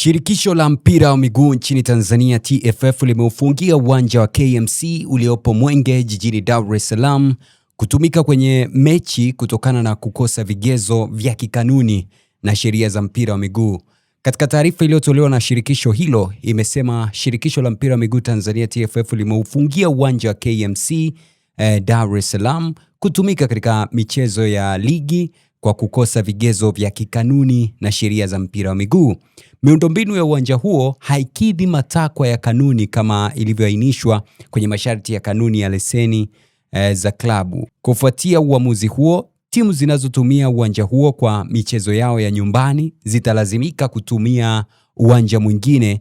Shirikisho la mpira wa miguu nchini Tanzania TFF limeufungia uwanja wa KMC uliopo Mwenge jijini Dar es Salaam kutumika kwenye mechi kutokana na kukosa vigezo vya kikanuni na sheria za mpira wa miguu. Katika taarifa iliyotolewa na shirikisho hilo, imesema shirikisho la mpira wa miguu Tanzania TFF limeufungia uwanja wa KMC eh, Dar es Salaam kutumika katika michezo ya ligi kwa kukosa vigezo vya kikanuni na sheria za mpira wa miguu. Miundombinu ya uwanja huo haikidhi matakwa ya kanuni kama ilivyoainishwa kwenye masharti ya kanuni ya leseni eh, za klabu. Kufuatia uamuzi huo, timu zinazotumia uwanja huo kwa michezo yao ya nyumbani zitalazimika kutumia uwanja mwingine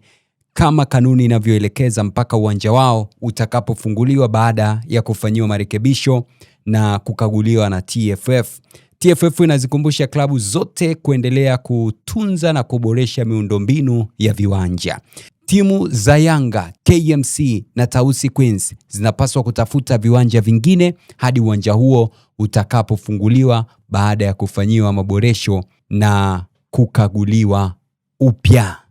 kama kanuni inavyoelekeza mpaka uwanja wao utakapofunguliwa baada ya kufanyiwa marekebisho na kukaguliwa na TFF. TFF inazikumbusha klabu zote kuendelea kutunza na kuboresha miundombinu ya viwanja. Timu za Yanga, KMC na Tausi Queens zinapaswa kutafuta viwanja vingine hadi uwanja huo utakapofunguliwa baada ya kufanyiwa maboresho na kukaguliwa upya.